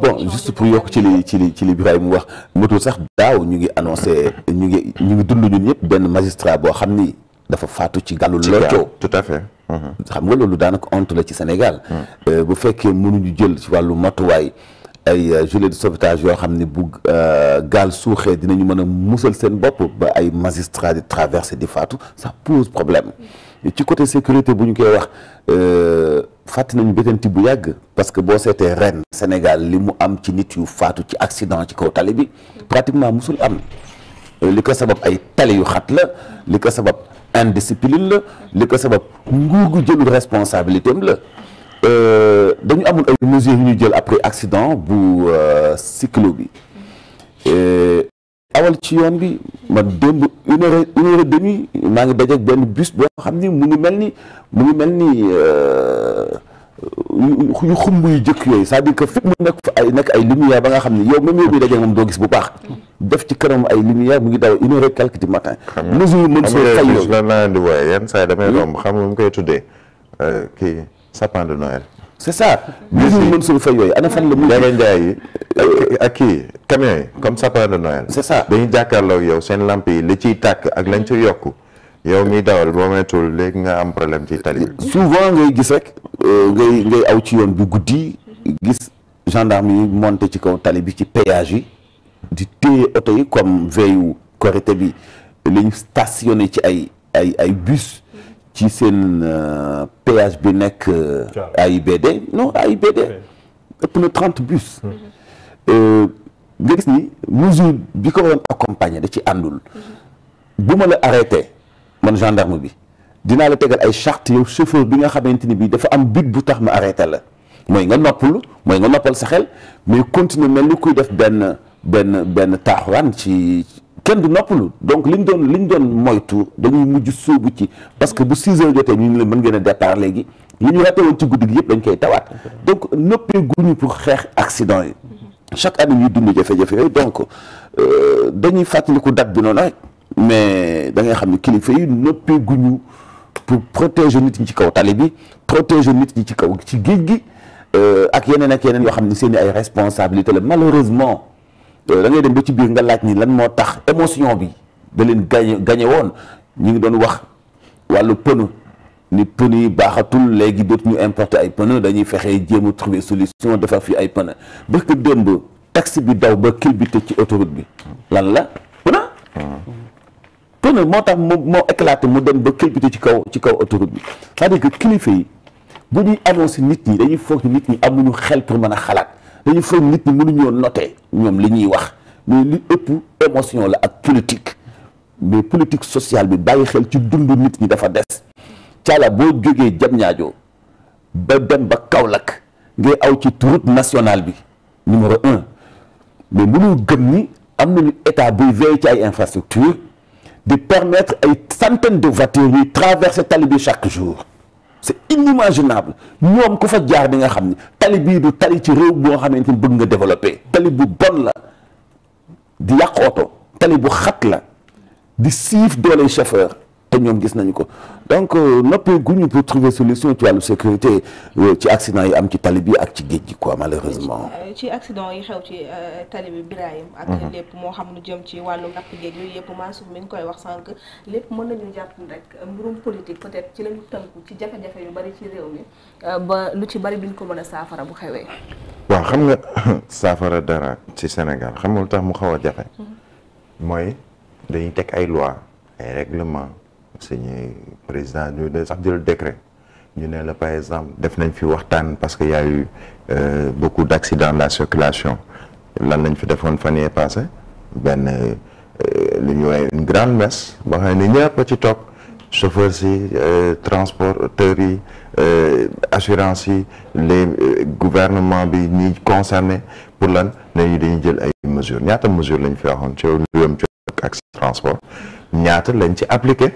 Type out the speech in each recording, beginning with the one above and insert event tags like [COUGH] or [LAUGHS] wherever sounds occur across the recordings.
bon juste pour yokk ci li ci li ci li Birahim mu wax motul sax daaw ñu ngi annoncé ñu ngi ñu ngi dund ñun ñëpp benn magistrat boo xam ni dafa faatu ci gàllu loocoo tout à fait mhm. xam nga loolu daanaka honte la ci Sénégal mhm. euh, bu fekkee mënuñu jël ci wàllu matuwaay ay euh, gilet de sauvetage yoo xam ne bu euh, gaal suuxee dinañu mën a musal seen bopp ba ay magistrat di traversé di faatu sax pose problème mhm. ci côté sécurité bu ñu koy wax fàtte nañu bëtanti bu yàgg parce que boo seetee ren Sénégal li mu am ci nit yu faatu ci accident ci kaw tali bi pratiquement musul am li ko sabab ay tali yu xat la li ko sabab indiscipline la li ko sabab nguur gu jëlul responsabilité am la euh, dañu amul ay mesures yu ñu jël après accident bu euh, cyclo bi euh, awal ci yoon bi man démb une heure une heure maa ngi dajeeg benn bus boo xam ni mu ngi mel ni mu ngi mel ni yu xumb yu jëkk yooyu c'est-à-dire que fépp mu nekk fa ay nekk ay lumière ba nga xam ni yow même yow miy moom doo gis bu baax def ci kanam ay lumière mu ngi daw une heure et quelque du matin mesure mën soo fay yooyu lan saa yi damay romb xam lu mu koy tuddee kii sapin de Noël c' est ça. mesures yi Mansour Faye yooyu ana fan la. Ndiaye Ndiaye yi ak kii camions yi comme sapin de Noël. c' ça dañuy jàkkaarloog yow seen làmp yi li ciy tàkk ak lañ ci yokk yow miy dawal boo moytuwul léegi nga am problème ci tali souvent ngay gis rek euh, ngay ngay aw ci yoon bu guddi gis gendarme yi monté ci kaw tali bi ci péage yi di téye oto yi comme veille Korité bi li ñu stationné ci ay ay ay bus. ci seen euh, péage bi nekk AIBD euh, non AIBD ëpp na trente bus euh, nga gis ni mesure bi ko waroon accompagner da ci àndul bu ma la arrêté man gendarme bi dinaa la tegal ay charte yow chauffeur bi nga xamante ni bii dafa am but bu tax ma arrêté la mooy nga noppalu mooy nga noppal sa xel mais continuer mel ni kuy def benn benn benn taaxuraan ci kenn du noppalu donc liñ doon liñ doon moytu dañuy mujj sóobu ci parce que bu 6 heures jotee ñu ñu leen mën ngeen a départ léegi li ñu raté woon ci guddi gi yëpp dañ koy tawaat donc noppee guñu pour xeex accident yi chaque année ñuy dund jafe-jafe yooyu donc euh, dañuy fàttaliku date bi noonu mais da ngay xam ne kilifa yi noppee guñu pour protéger nit ñi ci kaw tali bi protéger nit ñi ci kaw ci géej gi euh, ak yeneen ak yeneen yoo xam ne seen i ay responsabilité la malheureusement Euh, da ngay dem ba ci biir nga laaj ni lan moo tax émotion bi daleen leen gañe gañe woon ñu ngi doon wax wàllu pneu ni pneu yi baaxatul léegi dootu ñu importer ay pneu dañuy fexee jéem a trouver solution defar fii ay pneu bëgg démb taxi bi daw ba culbuté ci autoroute bi lan la pneu pneu moo tax mu moo éclaté mu dem ba culbuté ci kaw ci kaw autoroute bi c'est-à-dire que kilifa yi bu ñuy annoncé nit ñi dañuy foog nit ñi amuñu xel pour mën a xalaat dañu foog nit ñi mënuñoo noter ñoom li ñuy wax mais li ëpp émotion la ak politique mais politique sociale bi bàyyi xel ci dundu nit ñi dafa des caala boo jógee jam ñaajoo ba dem ba Kaolack ngay aw ci route nationale bi numéro un mais mënoo gëm ni am nañu état buy veille ci ay infrastructure di permettre ay centaines de voitures ñuy traverser tali bi chaque jour c'est inimaginable ñoom ku fa jaar di nga xam ne tali bii du tali ci réew boo xamante ni bëgg nga développer tali bu bon la di yàq oto tali bu xat la di siif doole chauffeur te ñoom gis nañu ko donc euh, noppee guñu pour trouver solution sécurité euh, ci accident yi am ci tali bi ak ci géej gi quoi malheureusement. Euh, ci accident yi xew ci mhm. lépp moo xam lu jëm ci wàllu napp géej yooyu yëpp koy wax sànq lépp mën nañu jàpp rek mbirum politique peut-être ci lañu tënku ci jafe-jafe yu bari ci réew mi ba lu ci bari duñ ko mën a saafara bu xewee. waaw xam nga [COUGHS] saafara dara ci Sénégal xam nga lu tax mu xaw a jafe. Mhm. mooy dañuy teg ay loi ay règlement signé président ñu de sax jël décret ñu ne la par exemple def nañ fi waxtaan parce que y a eu euh, beaucoup d'accidents la circulation lan lañ fi defoon fan yee passé benn euh, lu ñu woowee une grande messe ba xam ne ñëpp a ci toog chauffeur si euh, transporteurs yi euh, assurance yi les gouvernement bi ñi concerné pour lan nañu dañuy jël ay mesures ñaata mesures lañ fi waxoon ci lu jëm ci ak transport ñaata lañ ci appliqué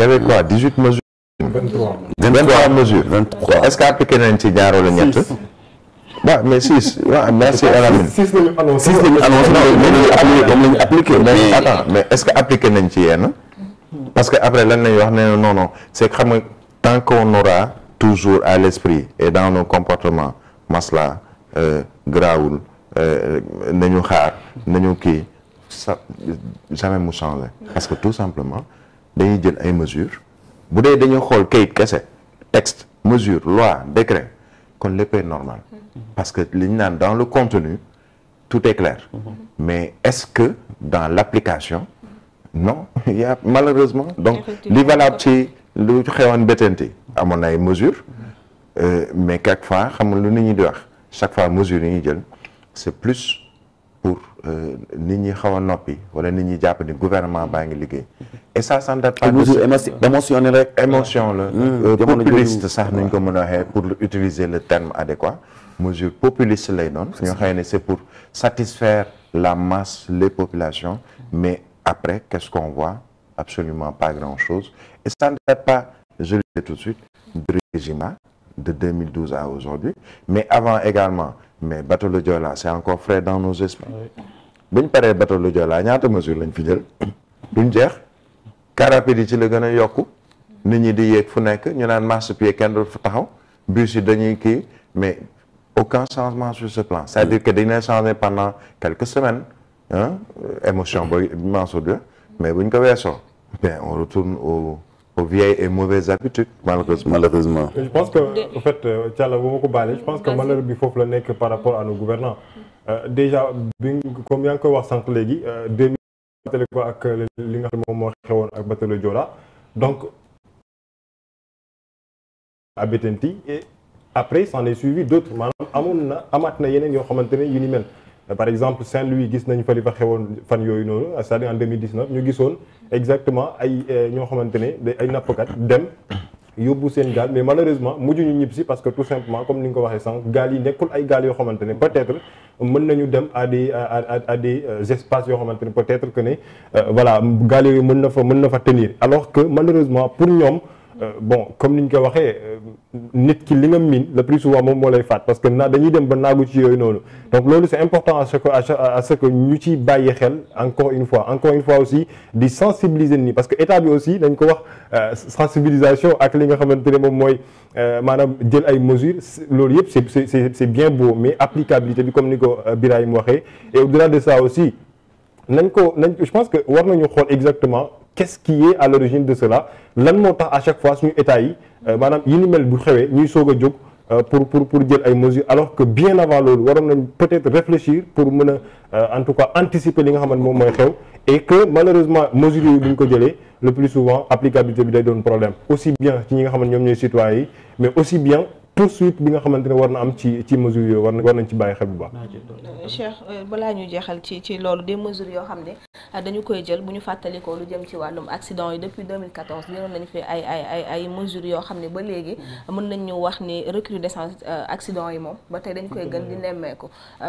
y avait quoi 18 mesures. 23 23 mesures. 23 est-ce que appliqué nañ ci ñaar wala ñett. mais la ñu annoncé 6 la ñu annoncé moom la mais est-ce que appliqué nañ ci yenn. parce que après lan lañ wax ne non non c'est que xam tan tant qu'on aura toujours à l'esprit et dans nos comportement masla euh, grawul euh, nañu xaar nañu kii ça jamais mu changer parce que tout simplement. dañuy jël ay mesures bu dee dañuy xool kayit kese texte mesure loi décret kon lépp est normal mm-hmm. parce que li ñu naan dans le contenu tout est clair mm-hmm. mais est-ce que dans l'application mm-hmm. non [LAUGHS] il y a malheureusement donc li valable ci lu xewoon bétante amoon na ay mesures euh, mais quelquefois xam lu nu ñuy di wax chaque fois mesure yu ñuy jël c'est plus pour euh, nit ñi xaw a noppi wala nit ñi jàpp ni gouvernement baa ngi liggéey et ça ça ne date pas de émotionnel rek hmm, euh, ko mën a waxee pour utiliser le terme adéquat mesure populiste lay doon ñoo xëy ne c'est pour satisfaire la masse les populations mais après qu'est-ce qu'on voit absolument pas grand-chose et ça ne date pas je le dis tout de suite de régime de 2012 à aujourd'hui mais avant également mais bateau le Joola c'est encore frais dans nos esprits bu ñu paree bateau le ñaata mesure lañ fi jël [CLEARS THROAT] duñ jeex car rapide ci la gën a yokku nit ñi di yéeg fu nekk ñu naan marchepied kenn du fa taxaw bus yi dañuy kii mais aucun changement sur ce plan cest dire que dañ leen changé pendant quelques semaines hein émotion ba Mansour mais buñ ko weesoo bien on retourne au aux vieilles et mauvaises habitudes. malheureusement je pense que en fait euh, Thiala bu ma ko baalee je pense que malheur bi foofu la nekk par rapport à nos gouvernants euh, déjà bi comme yaa ngi koy wax sànq léegi euh, deux mille ko li nga xam ne moom moo xewoon ak batalo Joola donc Abetanti et après s'en est suivi d'autres maanaam amoon na amaat na yeneen yoo xamante ne yu Euh, par exemple Saint-Louis gis nañ fa li fa xewoon fan yooyu noonu c'est-à-dire en 2019 ñu gisoon exactement ay euh, ñoo xamante ne ay nappkat dem yóbbu seen gaal mais malheureusement mujj ñu ñibbisi parce que tout simplement comme ni nga ko waxee sànq gaal yi nekkul ay gaal yoo xamante ne peut-être mën nañu dem à des à à des euh, yoo xamante ne peut-être que ne voilà gaal yooyu mën na fa mën na fa tenir alors que malheureusement pour ñoom. Euh, bon comme ni ñu ko waxee euh, nit ki li nga miin le plus souvent moom moo lay faat parce que naa dañuy dem ba naagu ci yooyu noonu donc loolu c'est important à ce que à ce ñu ci bàyyi xel encore une fois encore une fois aussi di sensibiliser nii parce que état bi aussi dañ ko wax euh, sensibilisation ak li nga xamante ne moom mooy maanaam jël ay mesures loolu yëpp c'est c'est c'est bien beau mais applicabilité bi comme ni ko Birahim waxee et au-delà de ça aussi nañ ko nañ je que war nañu xool exactement qu'est-ce qui est à l'origine de cela lan moo tax à chaque fois ñu état yi euh, maanaam yi ni mel bu xewee ñuy soog a jóg euh, pour pour pour jël ay mesures alors que bien avant loolu waroon nañ peut-être réfléchir pour mën a euh, en tout cas anticiper li nga xamante moom mooy xew et que malheureusement mesures yooyu bu ñu ko jëlee le plus souvent applicabilité bi day doon problème aussi bien ci ñi nga xamante ñoom ñooy citoyens yi mais aussi bien poursuite bi nga xamante ne war na am ci ci mesures yooyu war nañ ci bàyyi xel bu baax. Cheikh euh, balaa ñu jeexal ci ci loolu des mesures yoo xam ne euh, dañu koy jël bu ñu fàttalikoo lu jëm ci wàllum accident yi depuis 2014 jëloon nañu fi ay ay ay ay mesures yoo xam ne ba léegi mën nañ ñu wax ni recrudescence euh, accident yi moom ba tey dañ koy gën di nemmeeku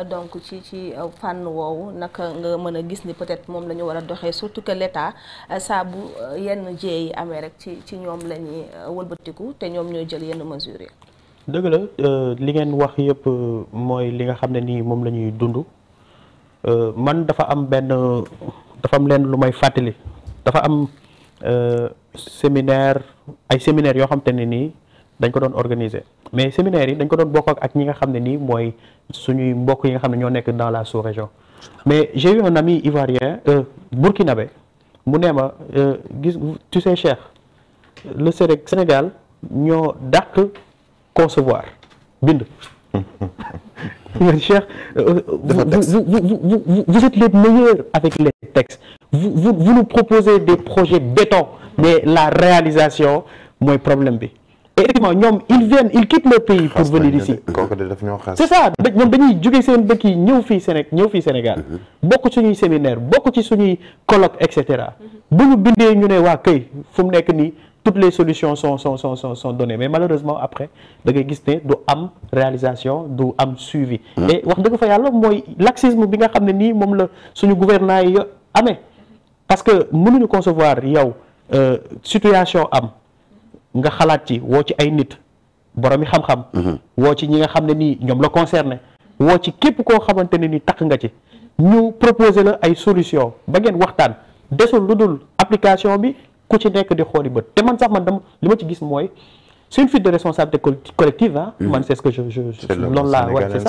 donc ci ci fànn woowu naka nga mën a gis ni peut-être moom la ñu war a doxee surtout que l'État saa bu yenn jéey amee rek ci ci ñoom la ñuy wëlbatiku te ñoom ñooy jël yenn mesures yi. dëgg la euh, li ngeen wax yëpp euh, mooy li nga xam ne nii moom la ñuy dund euh, man dafa am benn dafa am leen lu may fàttali dafa am séminaire ay séminaire yoo xam te ne nii dañ ko doon organiser mais séminaire yi dañ ko doon bokk ak ñi nga xam ne nii mooy suñuy mbokk yi nga xam ne ñoo nekk dans la sous-région mais j'ai eu un ami ivoirien euh, burkinabé mu ne ma gis tu sais Cheikh le Sénégal ñoo dàq concevoir bind. [LAUGHS] mais Cheikh. Euh, euh, vous vous vous vous êtes les meilleurs avec les textes vous vous vous nous proposez des projets béton mais la réalisation mooy problème bi. et effectivement ñoom ils viennent ils quittent le pays pour venir ici c'est ça ñoom dañuy jóge seen dëkk yi ñëw fii Séné ñëw fii Sénégal mhm. bokk suñuy séminaire bokk ci suñuy colloque et cetera mhm. bu ñu bindee ñu ne waa këy fu mu nekk nii toutes les solutions sont sont sont sont, sont données mais malheureusement après da ngay gis ne du am réalisation du am suivi. et wax dëgg fa yàlla mooy laxisme bi nga xam ne nii moom la suñu gouvernement yi amee parce que mënuñu concevoir yow euh, situation am nga xalaat ci woo ci ay nit boromi xam-xam. woo ci ñi nga xam ne nii ñoom la concerné woo ci képp koo xamante ne nii takk nga ci ñu proposer la ay solution ba ngeen waxtaan desul lu dul application bi. ku ci nekk di xooli bët te man sax man dama li ma ci gis mooy c'est une fuite de responsabilité collective ah man c'est ce que je je loolu laa wa c'est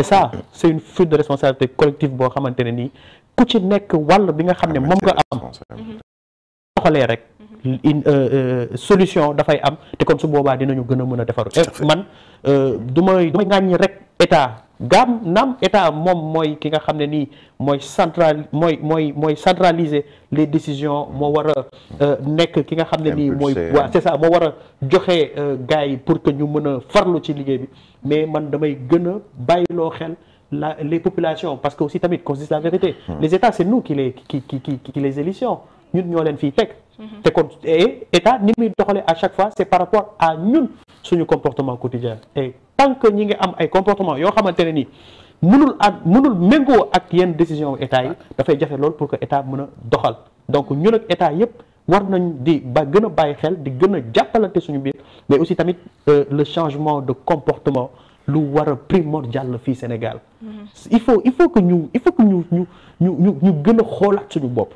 c'est ça c'est une fuite de responsabilité collective boo xamante ne nii ku ci nekk wàll bi nga xam ne ah, moom nga am doxalee rek euh, euh, solution dafay am te kon su boobaa dinañu gën a mën a defaru man euh, du may du may ngàññi rek état gaam naam état moom mooy ki nga xam ne nii mooy central mooy mooy mooy centraliser les décisions moo war a euh, nekk ki nga xam ne nii mooy waaw c'est ça moo war a joxe euh, gars yi pour que ñu mën a farlu ci liggéey bi mais man damay gën a loo xel la les populations parce que aussi tamit qu'on se dise la vérité hmm. les états c'est nous qui les qui ñun ñoo leen fiy teg hmm. te kon état ni muy doxale à chaque fois c'est par rapport à ñun suñu comportement quotidien et tant que ñi ngi am ay comportement yoo xamante ne nii mënul ak mënul méngoo ak yenn décision état yi dafay jafe lool pour que état mën a doxal donc ñu ak état yëpp war nañ di ba gën a bàyyi xel di gën a jàppalante suñu biir mais aussi tamit euh, le changement de comportement lu war a primordial la fii Sénégal mm-hmm. il faut que ñu il faut que ñu ñu ñu ñu ñu gën a xoolaat suñu bopp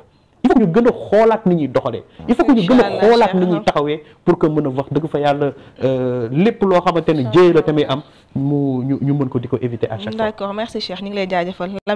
il faut que ñu gën xoolaat ni ñuy doxalee il faut que ñu gën xoolaat ni ñuy taxawee pour que mën a wax dëgg fa yàlla euh, lépp loo xamante ne jéey la tamit am mu ñu ñu mën ko di ko éviter à chaque merci Cheikh ñu lay jaajëfal